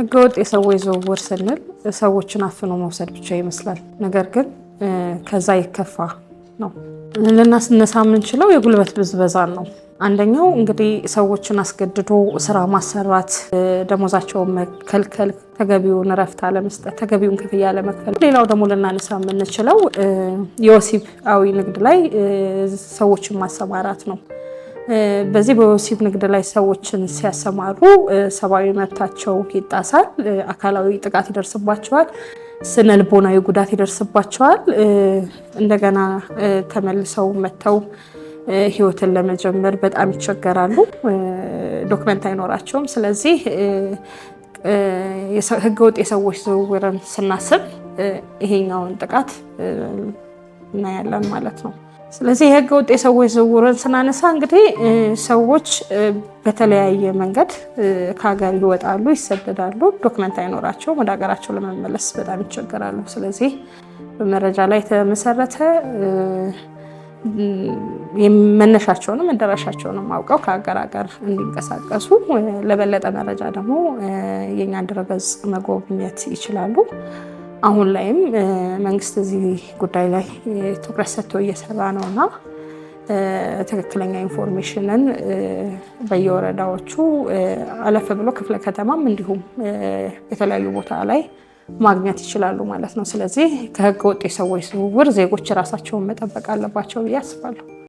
ህገወጥ የሰዎች ዝውውር ስንል ሰዎችን አፍኖ መውሰድ ብቻ ይመስላል። ነገር ግን ከዛ ይከፋ ነው። ልናስነሳ የምንችለው የጉልበት ብዝበዛን ነው። አንደኛው እንግዲህ ሰዎችን አስገድዶ ስራ ማሰራት፣ ደሞዛቸውን መከልከል፣ ተገቢውን እረፍት አለመስጠት፣ ተገቢውን ክፍያ አለመክፈል። ሌላው ደግሞ ልናነሳ የምንችለው የወሲባዊ ንግድ ላይ ሰዎችን ማሰማራት ነው። በዚህ በወሲብ ንግድ ላይ ሰዎችን ሲያሰማሩ ሰብአዊ መብታቸው ይጣሳል፣ አካላዊ ጥቃት ይደርስባቸዋል፣ ስነ ልቦናዊ ጉዳት ይደርስባቸዋል። እንደገና ተመልሰው መጥተው ህይወትን ለመጀመር በጣም ይቸገራሉ። ዶክመንት አይኖራቸውም። ስለዚህ ህገወጥ የሰዎች ዝውውርን ስናስብ ይሄኛውን ጥቃት እናያለን ማለት ነው። ስለዚህ የህገ ወጥ የሰዎች ዝውውርን ስናነሳ እንግዲህ ሰዎች በተለያየ መንገድ ከሀገር ይወጣሉ፣ ይሰደዳሉ፣ ዶክመንት አይኖራቸውም፣ ወደ ሀገራቸው ለመመለስ በጣም ይቸገራሉ። ስለዚህ በመረጃ ላይ የተመሰረተ መነሻቸውንም መደረሻቸውንም አውቀው ከሀገር ሀገር እንዲንቀሳቀሱ ለበለጠ መረጃ ደግሞ የእኛን ድረገጽ መጎብኘት ይችላሉ። አሁን ላይም መንግስት እዚህ ጉዳይ ላይ ትኩረት ሰጥቶ እየሰራ ነው እና ትክክለኛ ኢንፎርሜሽንን በየወረዳዎቹ አለፍ ብሎ ክፍለ ከተማም እንዲሁም የተለያዩ ቦታ ላይ ማግኘት ይችላሉ ማለት ነው። ስለዚህ ከህገ ወጥ የሰዎች ዝውውር ዜጎች ራሳቸውን መጠበቅ አለባቸው ብዬ አስባለሁ።